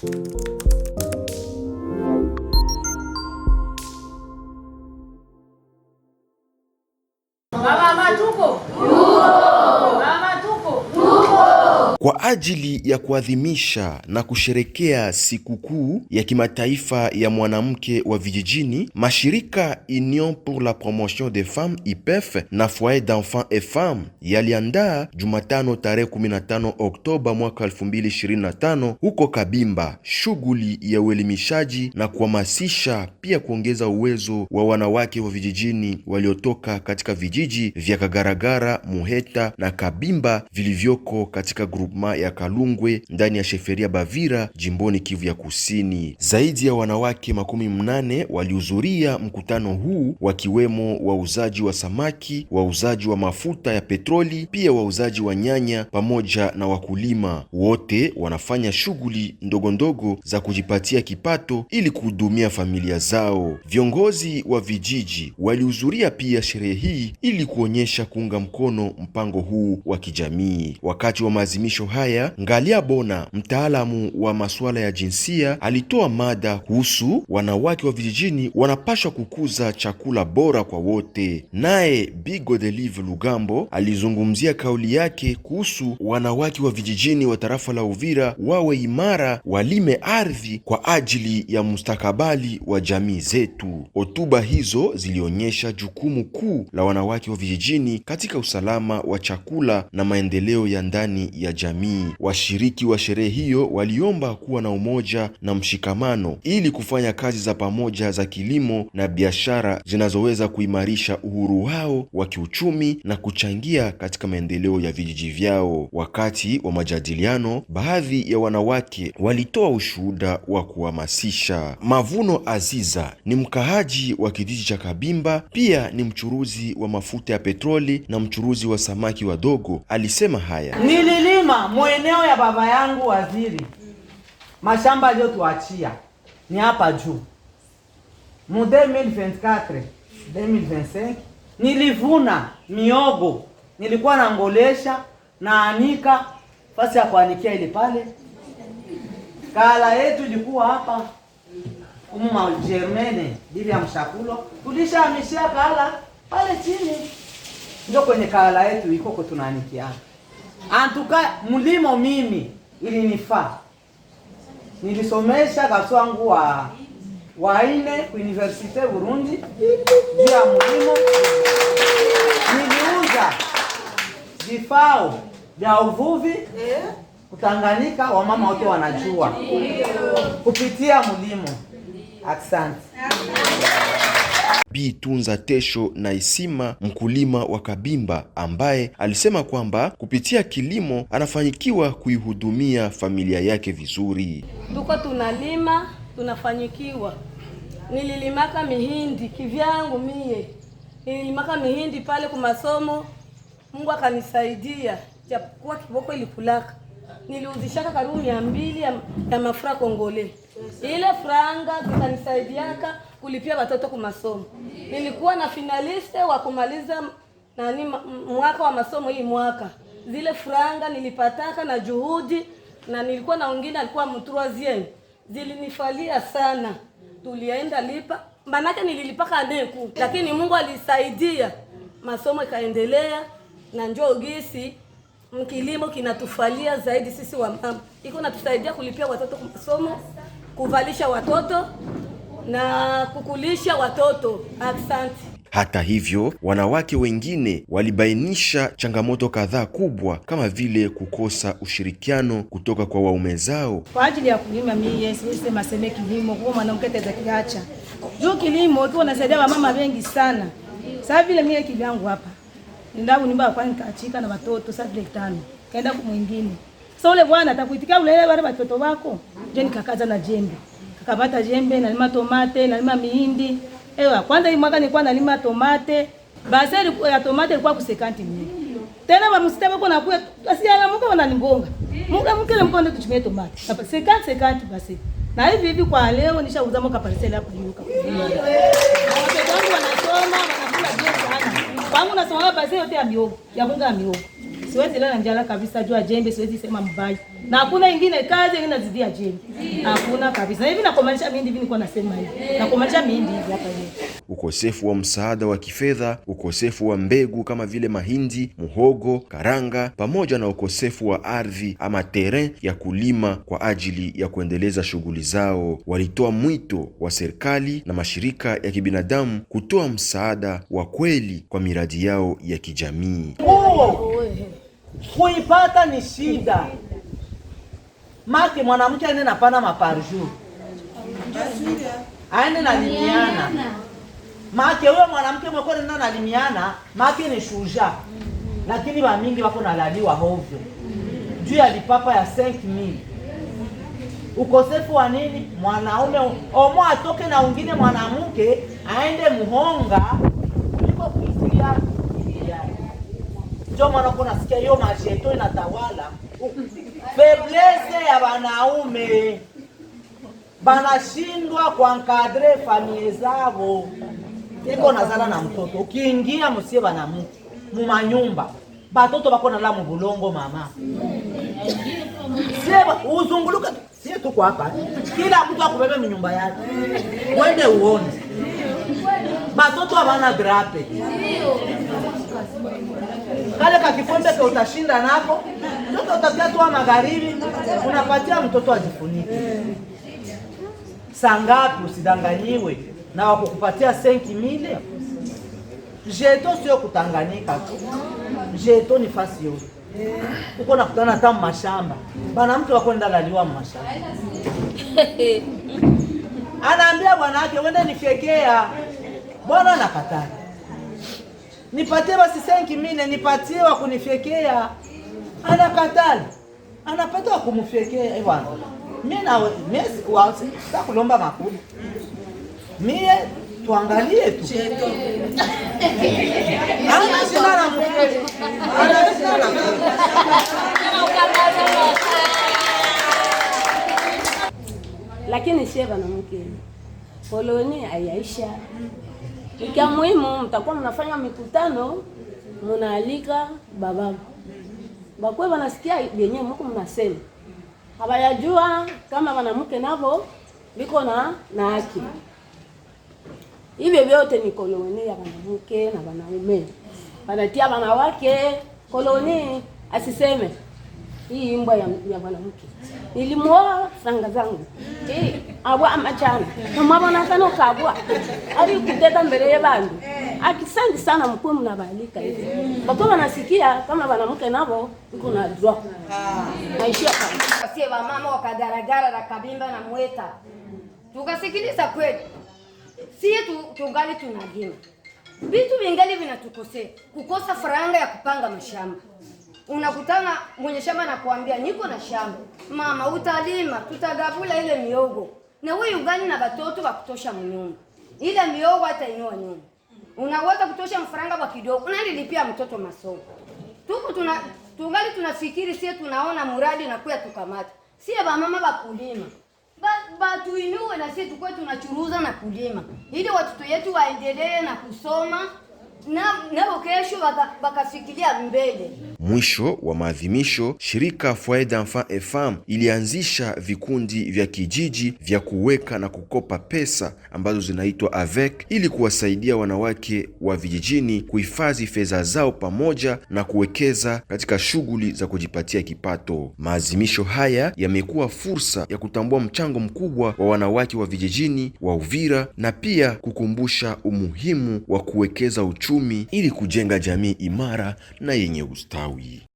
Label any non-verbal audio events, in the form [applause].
Thank you. Kwa ajili ya kuadhimisha na kusherekea sikukuu ya kimataifa ya mwanamke wa vijijini, mashirika Union pour la Promotion des Femmes IPEF na Foyer d'Enfants et Femmes yaliandaa Jumatano tarehe 15 Oktoba mwaka 2025 huko Kabimba shughuli ya uelimishaji na kuhamasisha pia kuongeza uwezo wa wanawake wa vijijini waliotoka katika vijiji vya Kagaragara, Muheta na Kabimba vilivyoko katika grupu ma ya Kalungwe ndani ya sheferia Bavira jimboni Kivu ya Kusini. Zaidi ya wanawake makumi mnane walihudhuria mkutano huu, wakiwemo wauzaji wa samaki, wauzaji wa mafuta ya petroli, pia wauzaji wa nyanya pamoja na wakulima. Wote wanafanya shughuli ndogondogo za kujipatia kipato ili kuhudumia familia zao. Viongozi wa vijiji walihudhuria pia sherehe hii ili kuonyesha kuunga mkono mpango huu wa kijamii. Wakati wa maazimisho haya, Ngalia Bona, mtaalamu wa masuala ya jinsia, alitoa mada kuhusu wanawake wa vijijini wanapashwa kukuza chakula bora kwa wote. Naye Bigo Delive Lugambo alizungumzia kauli yake kuhusu wanawake wa vijijini wa tarafa la Uvira wawe imara, walime ardhi kwa ajili ya mustakabali wa jamii zetu. Hotuba hizo zilionyesha jukumu kuu la wanawake wa vijijini katika usalama wa chakula na maendeleo ya ndani ya jamii jamii. Washiriki wa sherehe hiyo waliomba kuwa na umoja na mshikamano ili kufanya kazi za pamoja za kilimo na biashara zinazoweza kuimarisha uhuru wao wa kiuchumi na kuchangia katika maendeleo ya vijiji vyao. Wakati wa majadiliano, baadhi ya wanawake walitoa ushuhuda wa kuhamasisha. Mavuno Aziza ni mkaaji wa kijiji cha Kabimba, pia ni mchuruzi wa mafuta ya petroli na mchuruzi wa samaki wadogo. Alisema haya Nilili. Mlima mweneo ya baba yangu waziri, mashamba aliyotuachia ni hapa juu mu 2024 2025 nilivuna miogo, nilikuwa nangolesha naanika fasi ya kuanikia ile pale. Kala yetu ilikuwa hapa umma ma Germaine bibi ya mshakulo, tulishahamishia kala pale chini, ndio kwenye kala yetu iko kwa tunaanikia antuka mlimo mimi ilinifaa. Nilisomesha kaswangu wa waine ku Universite Burundi juu ya mlimo. Niliuza vifao vya uvuvi Kutanganyika, wamama wote wanajua kupitia mlimo. Asante. Bi Tunza Tesho na Isima, mkulima wa Kabimba, ambaye alisema kwamba kupitia kilimo anafanikiwa kuihudumia familia yake vizuri. Tuko tunalima tunafanikiwa, nililimaka mihindi kivyangu, mie nililimaka mihindi pale kwa masomo, Mungu akanisaidia, japokuwa kiboko ilikulaka niliuzishaka karibu mia mbili ya, ya mafura kongole. Ile franga zikanisaidiaka kulipia watoto kumasomo. Nilikuwa na finaliste wa kumaliza nani mwaka wa masomo hii mwaka. Zile franga nilipataka na juhudi, na nilikuwa na wengine alikuwa mtroisieme, zilinifalia sana. Tulienda lipa manake nililipaka neku, lakini Mungu alisaidia masomo ikaendelea na njoo gisi kilimo kinatufalia zaidi sisi wamama, iko natusaidia kulipia watoto masomo, kuvalisha watoto na kukulisha watoto. Asante. Hata hivyo, wanawake wengine walibainisha changamoto kadhaa kubwa kama vile kukosa ushirikiano kutoka kwa waume zao kwa ajili ya kulima. Mimi yes, sema sema kilimo kwa mwanamke ataweza kiacha juu kilimo ikiwa nasaidia wamama wengi sana. Sasa vile mimi kivyangu hapa ndabu nyumba ya kwani nikaachika na watoto sasa vile tano. Kaenda kwa mwingine. Sasa ule bwana atakuitikia ule wale watoto wako. Je, nikakaza na jembe. Kakapata jembe na lima tomate na lima mihindi. Ewa, kwanza hii mwaka nilikuwa nalima tomate. baseli ya tomate ilikuwa kusekanti mimi. Tena ba msitaba kwa nakuwa asiala Mungu wananimbonga. Mungu mke ile mkonde tuchimie tomate. Hapa sekanti sekanti basi. Na hivi hivi kwa leo nishauza moka parcel hapo juu. Watoto wangu wanasoma, wana kama unasoma basi yote ya miogo, ya bunga ya miogo. Siwezi lala njala kabisa juu ya jembe, siwezi sema mbaya. Na hakuna ingine kazi inazidia jembe. Hakuna kabisa. Na hivi nakomalisha mimi hivi niko nasema hivi. Nakomalisha mimi hivi hapa hivi ukosefu wa msaada wa kifedha, ukosefu wa mbegu kama vile mahindi, muhogo, karanga, pamoja na ukosefu wa ardhi ama terrain ya kulima kwa ajili ya kuendeleza shughuli zao. Walitoa mwito wa serikali na mashirika ya kibinadamu kutoa msaada wa kweli kwa miradi yao ya kijamii. Kuipata ni shida make mwanamke aende napana maparjur aende na limiana Maake huyo mwanamke mwekore nana alimiana maake ni shuja, lakini wamingi wako nalaliwa hovyo juu ya lipapa ya 5 5000 ukosefu wa nini? Mwanaume omo atoke na ungine mwanamke aende muhonga kuliko kuisilia njo mwana uko nasikia hiyo masheto inatawala feblese ya wanaume banashindwa kuankadre familie zao iko nazala na mtoto ukiingia musie bana mumanyumba batoto bako nala mubulongo mama sie uzunguluka sie tuko hapa kila mtu akubebe mnyumba yake wende uone batoto abana drape kale kakikombe ke utashinda nako toto utapia tu magharibi unapatia mtoto ajifunike sangapi usidanganyiwe na wakukupatia senki mile jeto, sio kutanganyika tu jeto, ni fasi yote uko nakutana hata mashamba bana, mtu wakwenda laliwa mashamba [laughs] anaambia bwana wake wende nifyekea, bwana anakataa. Nipatie basi senki mine, nipatie wa anakatali Anapata wa kumfyekea eh, bwana, mimi na mimi sikulomba makubwa mie tuangalie tu lakini sie vanamke koloni ayaisha ikia muhimu, mtakuwa mnafanya mikutano, mnaalika bababu bakwe wanasikia vyenye muku mnasema, havayajua kama wanamke navo viko na na haki hivyo vyote ni koloni ya wanawake na wanaume, wanatia wanawake koloni. Asiseme hii imbwa ya, ya mwanamke nilimwoa sanga zangu abwa amachana namwabona sana kabwa ari kuteta mbele ya bandu akisangi sana mkuu mnabalika hivi bako wanasikia kama wanamke navo iko na drop naishia kama sie wamama wakagaragara na kabimba na mweta tukasikiliza kweli sie tu, tungali tunalima vitu vingali vinatukosea, kukosa faranga ya kupanga mashamba. Unakutana mwenye shamba nakuambia niko na shamba mama, utalima tutagavula ile miogo na wewe ugani na watoto wa kutosha mnyumba, ile miogo hata inua nyumba unaweza kutosha mfaranga kwa kidogo, unalilipia mtoto masomo. Tuko tuna tungali tunafikiri sie, tunaona muradi nakuya tukamata sie ba mama bakulima batuinue na sisi tukue tunachuruza na kulima ili watoto yetu waendelee na kusoma nabo na kesho wakafikilia mbele. Mwisho wa maadhimisho, shirika Foyer d'Enfants et Femmes ilianzisha vikundi vya kijiji vya kuweka na kukopa pesa ambazo zinaitwa AVEC ili kuwasaidia wanawake wa vijijini kuhifadhi fedha zao pamoja na kuwekeza katika shughuli za kujipatia kipato. Maadhimisho haya yamekuwa fursa ya kutambua mchango mkubwa wa wanawake wa vijijini wa Uvira na pia kukumbusha umuhimu wa kuwekeza uchumi ili kujenga jamii imara na yenye ustawi. 友谊。